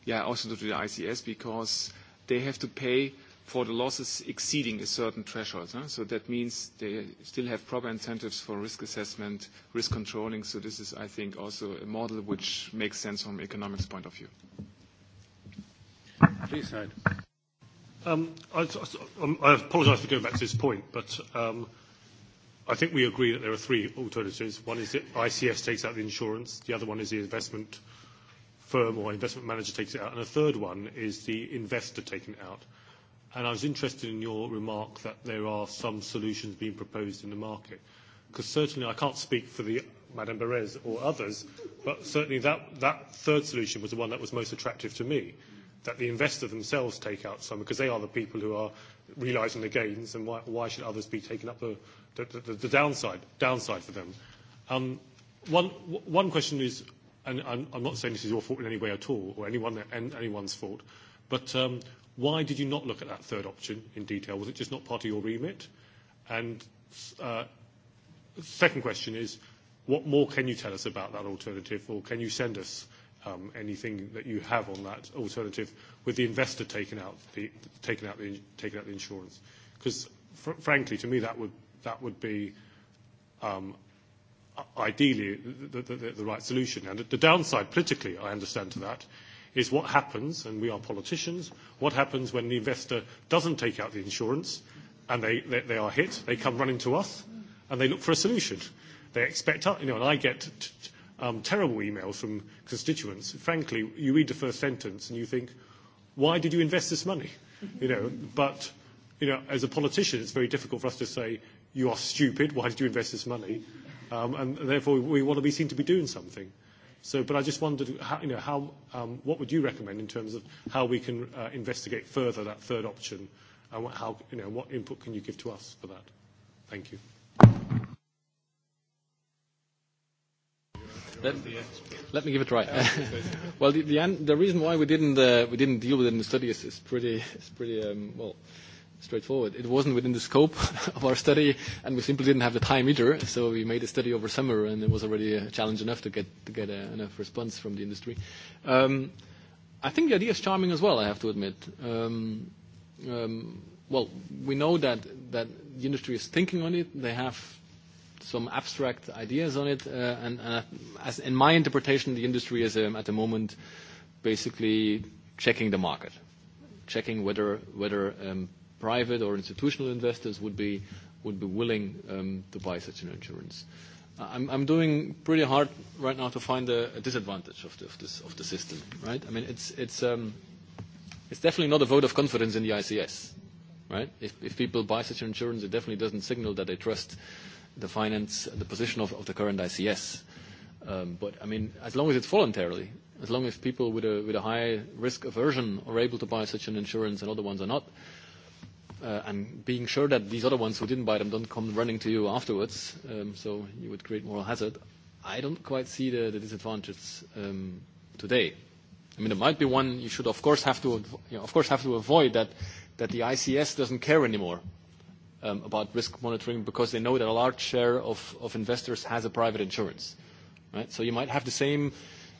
yeah, also to the ICS because they have to pay for the losses exceeding a certain threshold. Huh? So that means they still have proper incentives for risk assessment, risk controlling. So this is, I think, also a model which makes sense from economics point of view. Please, Hyde. Um, I, um, I apologize for going back to this point, but um, I think we agree that there are three alternatives. One is that ICS takes out the insurance, the other one is the investment firm or investment manager takes it out, and a third one is the investor taking it out. And I was interested in your remark that there are some solutions being proposed in the market, because certainly I can't speak for the Madame Berez or others, but certainly that, that third solution was the one that was most attractive to me, that the investor themselves take out some, because they are the people who are realizing the gains, and why, why should others be taking up the, the, the, the downside, downside for them? Um, one, one question is, and I'm, I'm not saying this is your fault in any way at all, or anyone, anyone's fault, but um, Why did you not look at that third option in detail? Was it just not part of your remit? And uh, second question is, what more can you tell us about that alternative, or can you send us um, anything that you have on that alternative with the investor taking out the insurance? Because frankly, to me, that would be um, ideally the, the right solution. And the downside politically, I understand to that, is what happens, and we are politicians, what happens when the investor doesn't take out the insurance and they, are hit, they come running to us and they look for a solution. They expect, us. you know, and I get um, terrible emails from constituents. Frankly, you read the first sentence and you think, why did you invest this money? You know, but, you know, as a politician, it's very difficult for us to say, you are stupid, why did you invest this money? Um, and therefore, we want to be seen to be doing something. So, but I just wondered, how, you know, how, um, what would you recommend in terms of how we can uh, investigate further that third option, and what, how, you know, what input can you give to us for that? Thank you. Let, me give it a try. *laughs* well, the, reason why uh, we didn't deal with it in the study is, pretty um, well straightforward. It wasn't within the scope *laughs* of our study, and we simply didn't have the time either. So we made a study over summer, and it was already a challenge enough to get to get a, uh, enough response from the industry. Um, I think the idea is charming as well. I have to admit. Um, um, well, we know that that the industry is thinking on it. They have some abstract ideas on it, uh, and, and uh, as in my interpretation, the industry is um, at the moment basically checking the market, checking whether whether um, private or institutional investors would be would be willing um, to buy such an insurance. Uh, I'm, I'm doing pretty hard right now to find a, a disadvantage of, the, of, this, of the system, right? I mean, it's, it's, um, it's definitely not a vote of confidence in the ICS, right? If, if people buy such an insurance, it definitely doesn't signal that they trust the finance, the position of, of the current ICS. Um, but I mean, as long as it's voluntarily, as long as people with a, with a high risk aversion are able to buy such an insurance and other ones are not, uh, and being sure that these other ones who didn't buy them don't come running to you afterwards, um, so you would create moral hazard. I don't quite see the, the disadvantage um, today. I mean, there might be one you should, of course, have to, you know, of course, have to avoid that, that the ICS doesn't care anymore um, about risk monitoring because they know that a large share of, of investors has a private insurance. Right? So you might have the same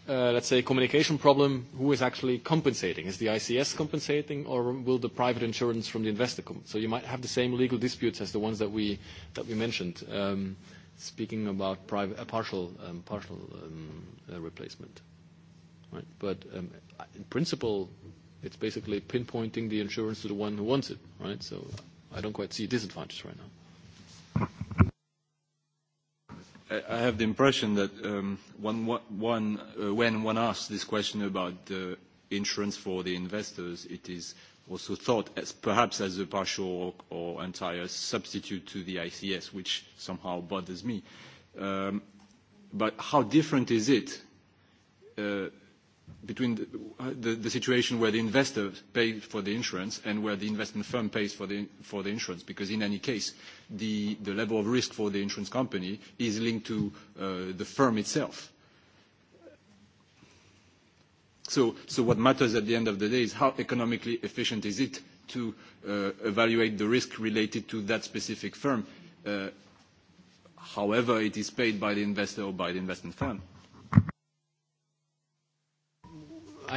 Uh, let's say, communication problem, who is actually compensating? Is the ICS compensating, or will the private insurance from the investor come? So you might have the same legal disputes as the ones that we that we mentioned. Um, speaking about private, a partial um, partial um, uh, replacement, right? But um, in principle, it's basically pinpointing the insurance to the one who wants it, right? So I don't quite see a disadvantage right now. I have the impression that um, one, one, uh, when one asks this question about uh, insurance for the investors, it is also thought as perhaps as a partial or, or entire substitute to the ICS, which somehow bothers me. Um, but how different is it uh, between the, uh, the, the situation where the investor pays for the insurance and where the investment firm pays for the, for the insurance, because in any case, the, the level of risk for the insurance company is linked to uh, the firm itself. So, so what matters at the end of the day is how economically efficient is it to uh, evaluate the risk related to that specific firm, uh, however it is paid by the investor or by the investment firm.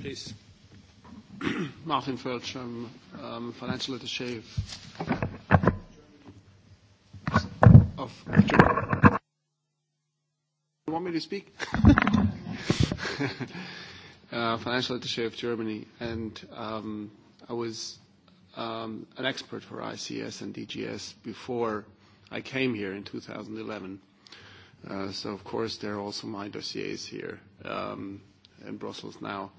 Please. *clears throat* Martin Feldstrom, um, financial attaché of Germany. You want me to speak? *laughs* uh, financial attaché of Germany, and um, I was um, an expert for ICS and DGS before I came here in 2011. Uh, so of course there are also my dossiers here um, in Brussels now. Uh,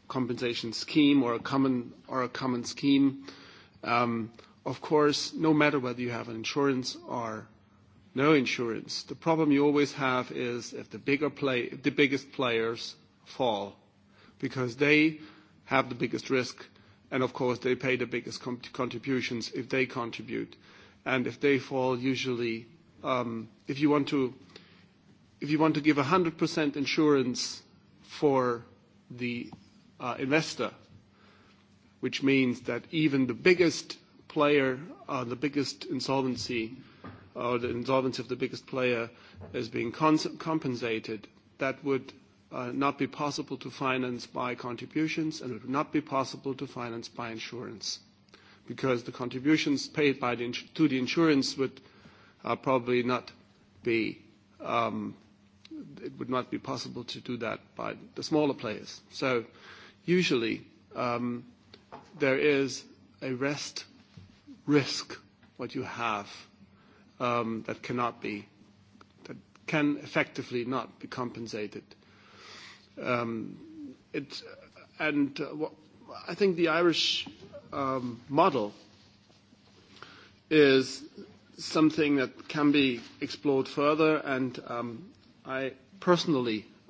compensation scheme or a common, or a common scheme. Um, of course, no matter whether you have an insurance or no insurance, the problem you always have is if the, bigger play, the biggest players fall because they have the biggest risk and of course they pay the biggest contributions if they contribute. And if they fall, usually, um, if you want to, if you want to give 100% insurance for the Uh, investor, which means that even the biggest player, uh, the biggest insolvency, or the insolvency of the biggest player is being compensated. That would uh, not be possible to finance by contributions, and it would not be possible to finance by insurance, because the contributions paid by the to the insurance would probably not be um, it would not be possible to do that by the smaller players. So usually um, there is a rest risk, what you have, um, that cannot be, that can effectively not be compensated. Um, it, and uh, what, I think the Irish um, model is something that can be explored further, and um, I personally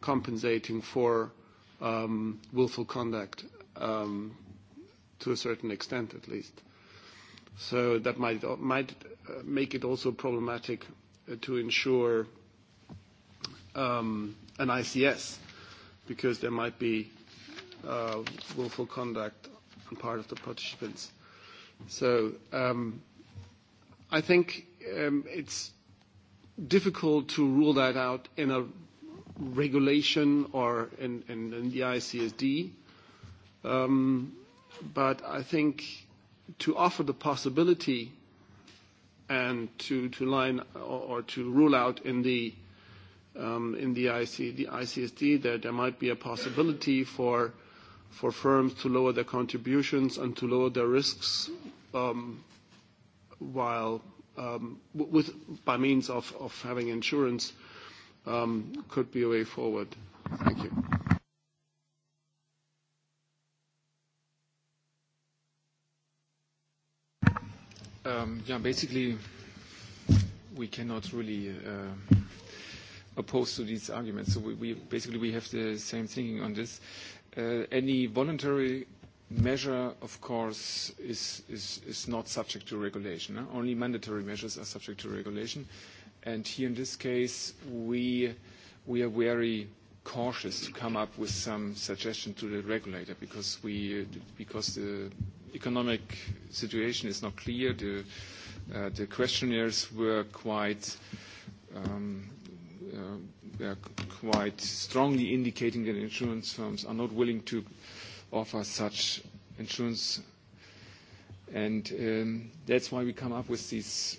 compensating for um, willful conduct um, to a certain extent, at least. So that might might uh, make it also problematic uh, to ensure um, an ICS because there might be uh, willful conduct on part of the participants. So um, I think um, it's difficult to rule that out in a regulation or in, in, in the ICSD. Um, but I think to offer the possibility and to, to line or, or to rule out in the um, in the, IC, the ICSD that there might be a possibility for for firms to lower their contributions and to lower their risks um, while um, with, by means of, of having insurance uh, Um, could be a way forward. Thank you. Um, yeah, basically, we cannot really uh, oppose to these arguments. So we, basically we have the same thinking on this. Uh, any voluntary measure, of course, is, not subject to regulation. Only mandatory measures are subject to regulation. And here in this case, we, are very cautious to come up with some suggestion to the regulator because, the economic situation is not clear. The, uh, questionnaires um, uh, were quite strongly indicating that insurance firms are not willing to offer such insurance. Um, that's why we come up with these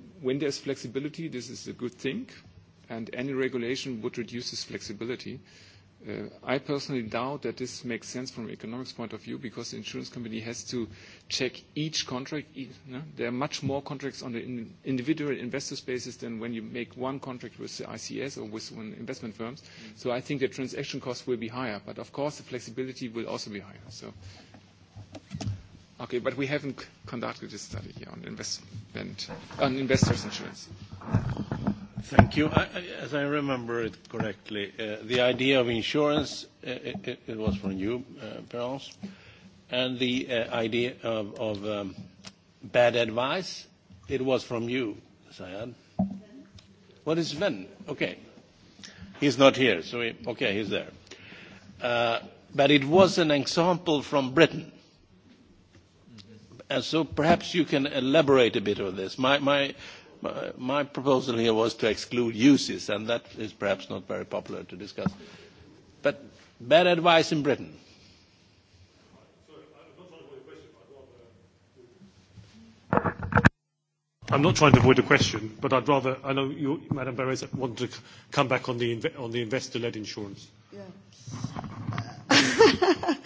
when there's flexibility, this is a good thing, and any regulation would reduce this flexibility. Uh, I personally doubt that this makes sense from an economics point of view because the insurance company has to check each contract. E, There are much more contracts on the in individual investor basis than when you make one contract with the ICS or with one investment firms. Mm -hmm. So I think the transaction cost will be higher, but of course the flexibility will also be higher. So. Okay, but we haven't conducted a study here on investment, on investors' insurance. Thank you. I, as I remember it correctly, uh, the idea of insurance, uh, it, it was from you, uh, and the uh, idea of, of um, bad advice, it was from you, Sayad. What is Sven? Okay. He's not here, so he, okay, he's there. Uh, but it was an example from Britain And so perhaps you can elaborate a bit on this. My, my, my proposal here was to exclude uses, and that is perhaps not very popular to discuss. But bad advice in Britain. I'm not trying to avoid a question, but I'd rather, I know you, Madam Perez, wanted to come back on the, on the investor-led insurance. Yeah. *laughs*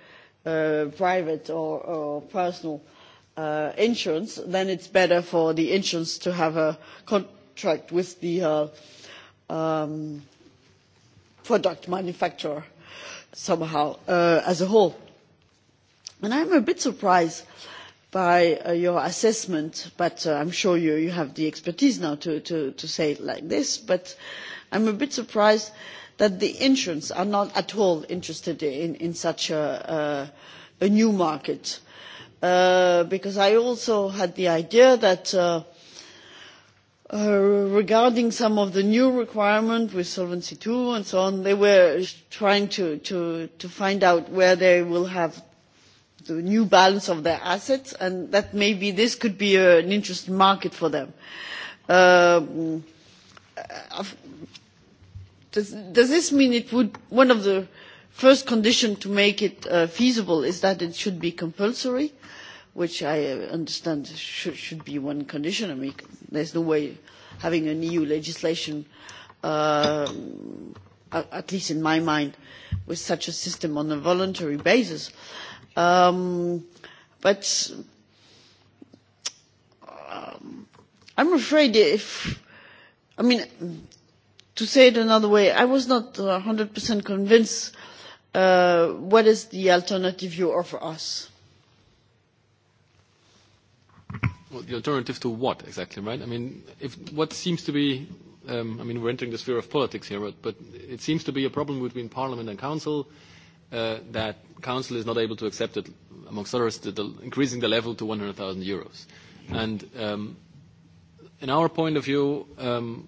Uh, private or, personal uh, insurance, then it's better for the insurance to have a contract with the uh, um, product manufacturer somehow uh, as a whole. And I'm a bit surprised by uh, your assessment, but uh, I'm sure you, you have the expertise now to, to, to say it like this, but I'm a bit surprised uh, that the insurance are not at all interested in, such a, new market. Uh, because I also had the idea that uh, uh, regarding some of the new requirements with Solvency II and so on, they were trying to, find out where they will have the new balance of their assets and that maybe this could be an interesting market for them. Um, Does, does this mean it would one of the first conditions to make it uh, feasible is that it should be compulsory, which I uh, understand should, should be one condition. I mean, there's no way having an EU legislation, uh, at least in my mind, with such a system on a voluntary basis. Um, but um, I'm afraid if, I mean to say it another way, I was not 100% convinced uh, what is the alternative you offer us. Well, the alternative to what exactly, right? I mean, if what seems to be, um, I mean, we're entering the sphere of politics here, but, but it seems to be a problem between Parliament and Council uh, that Council is not able to accept it, amongst others, the, the, increasing the level to 100,000 euros. And um, in our point of view, um,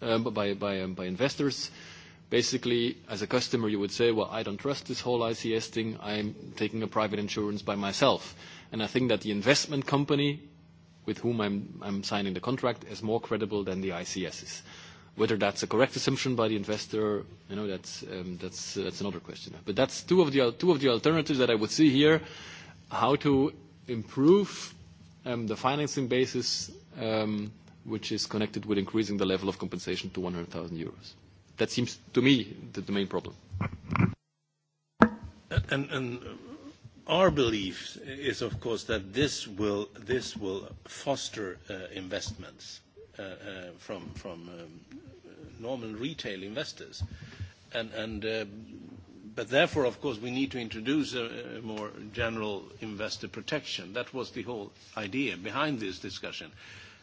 Uh, um, by, investors. Basically, as a customer, you would say, well, I don't trust this whole ICS thing. I'm taking a private insurance by myself. And I think that the investment company with whom I'm, signing the contract is more credible than the ICSs. Whether that's a correct assumption by the investor, you know, that's, um, uh, that's, another question. But that's two of, the, two of the alternatives that I would see here, how to improve um, the financing basis which is connected with increasing the level of compensation to 100,000 euros. That seems to me the, main problem. And, our belief is, of course, that this will, foster uh, investments uh, uh, from, um, normal retail investors. And, but therefore, of course, we need to introduce a, more general investor protection. That was the whole idea behind this discussion.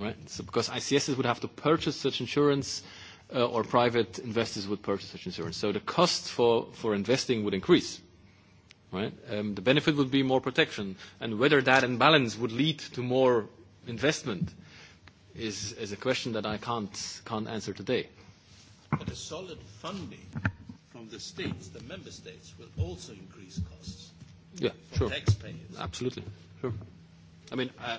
right? So because ICSs would have to purchase such insurance, uh, or private investors would purchase such insurance. So the cost for, for investing would increase, right? Um, the benefit would be more protection, and whether that imbalance would lead to more investment is, is a question that I can't, can't answer today. But a solid funding from the states, the member states, will also increase costs. Yeah, for sure. Taxpayers. Absolutely, sure. I mean, uh,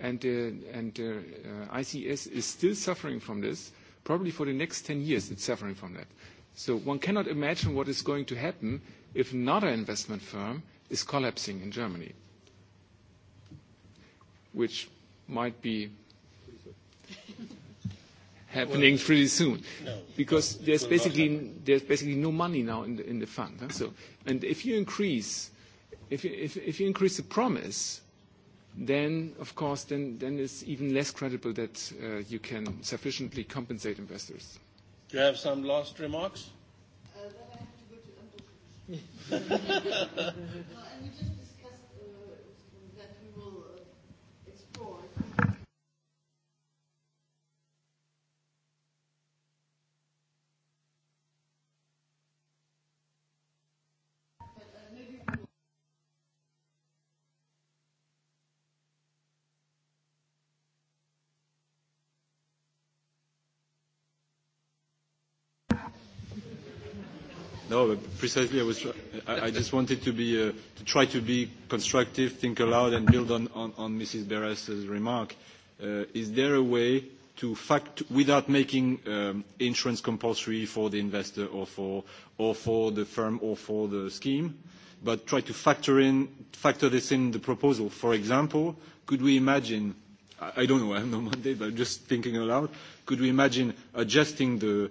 and, uh, uh, ICS is still suffering from this. Probably for the next 10 years, it's suffering from that. So one cannot imagine what is going to happen if another investment firm is collapsing in Germany, which might be *laughs* happening pretty soon. No, because there's basically there's basically no money now in the, fund. So, and if you increase if if, if you increase the promise then of course then, then it's even less credible that uh, you can sufficiently compensate investors. Do you have some last remarks? Uh, then I have to go to *laughs* *laughs* No, precisely. I was. I, I just wanted to be uh, to try to be constructive, think aloud, and build on on, on Mrs. Beres's remark. Uh, is there a way to fact without making um, insurance compulsory for the investor or for or for the firm or for the scheme, but try to factor in factor this in the proposal? For example, could we imagine? I, I don't know. I have no *laughs* mandate, but I'm just thinking aloud. Could we imagine adjusting the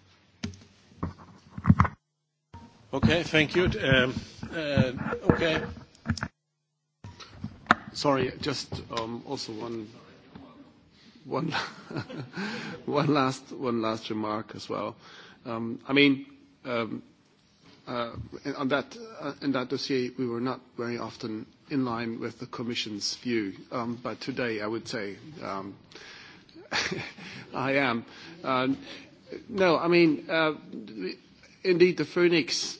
Okay, thank you. Um, uh, okay. Sorry, just um, also one one *laughs* one last one last remark as well. Um, I mean, uh, on that uh, in that dossier, we were not very often in line with the Commission's view, but today I would say *laughs* I am. no, I mean, indeed, the Phoenix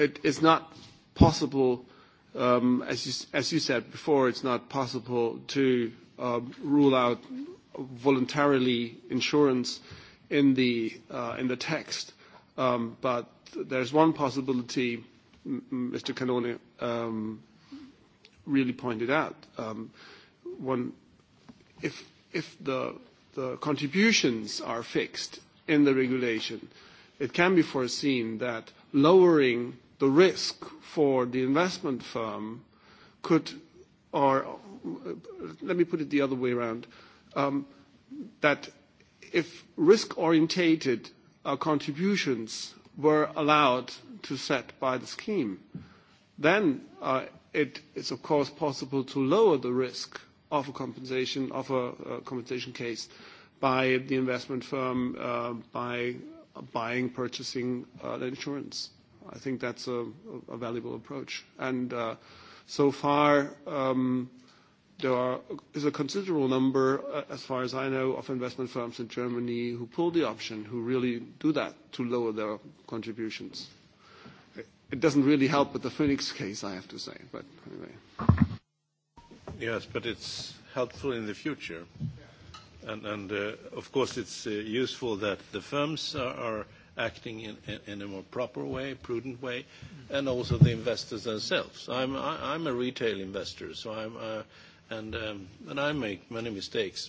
it is not possible, um, as, you, said before, it's not possible to um, rule out voluntarily insurance in the uh, in the text. Um, but there's one possibility, Mr. Canone really pointed out. one, if if the contributions are fixed in the regulation, it can be foreseen that lowering the risk for the investment firm could, or let me put it the other way around, um, that if risk-orientated uh, contributions were allowed to set by the scheme, then uh, it is of course possible to lower the risk of a compensation of a a compensation case by the investment firm uh, by buying, purchasing uh, the insurance. I think that's a, a valuable approach. And uh, so far, um, there are, is a considerable number, uh, as far as I know, of investment firms in Germany who pull the option, who really do that to lower their contributions. It doesn't really help with the Phoenix case, I have to say, but anyway. Yes, but it's helpful in the future. And, and uh, of course, it's uh, useful that the firms are, are – acting in, in, in a more proper way, prudent way, and also the investors themselves. I'm, I, I'm a retail investor, so I'm, uh, and, um, and I make many mistakes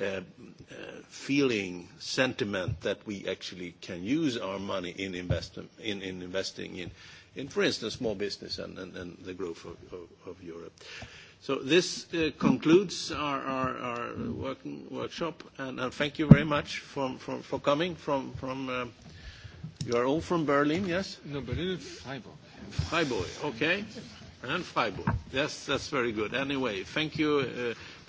Uh, uh, feeling, sentiment that we actually can use our money in, invest, in, in investing in, in, for instance, small business and, and, and the growth of, of, of Europe. So this uh, concludes our, our, our working workshop, and, thank you very much for, for, for coming from, from uh, you are all from Berlin, yes? No, Berlin, Freiburg. Freiburg, okay. And Freiburg. Yes, that's very good. Anyway, thank you. Uh,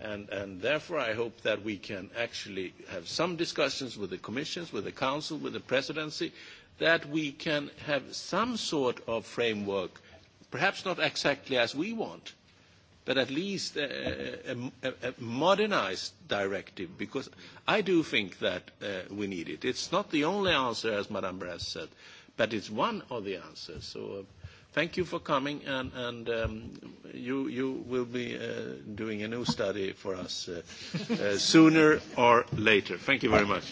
And, and therefore, I hope that we can actually have some discussions with the commissions, with the council, with the presidency, that we can have some sort of framework, perhaps not exactly as we want, but at least a, a, a modernized directive, because I do think that uh, we need it. It's not the only answer, as Madame Brass said, but it's one of the answers. So. Uh, Thank you for coming, and, um, you, will be uh, doing a new study for us uh, uh, sooner or later. Thank you very much.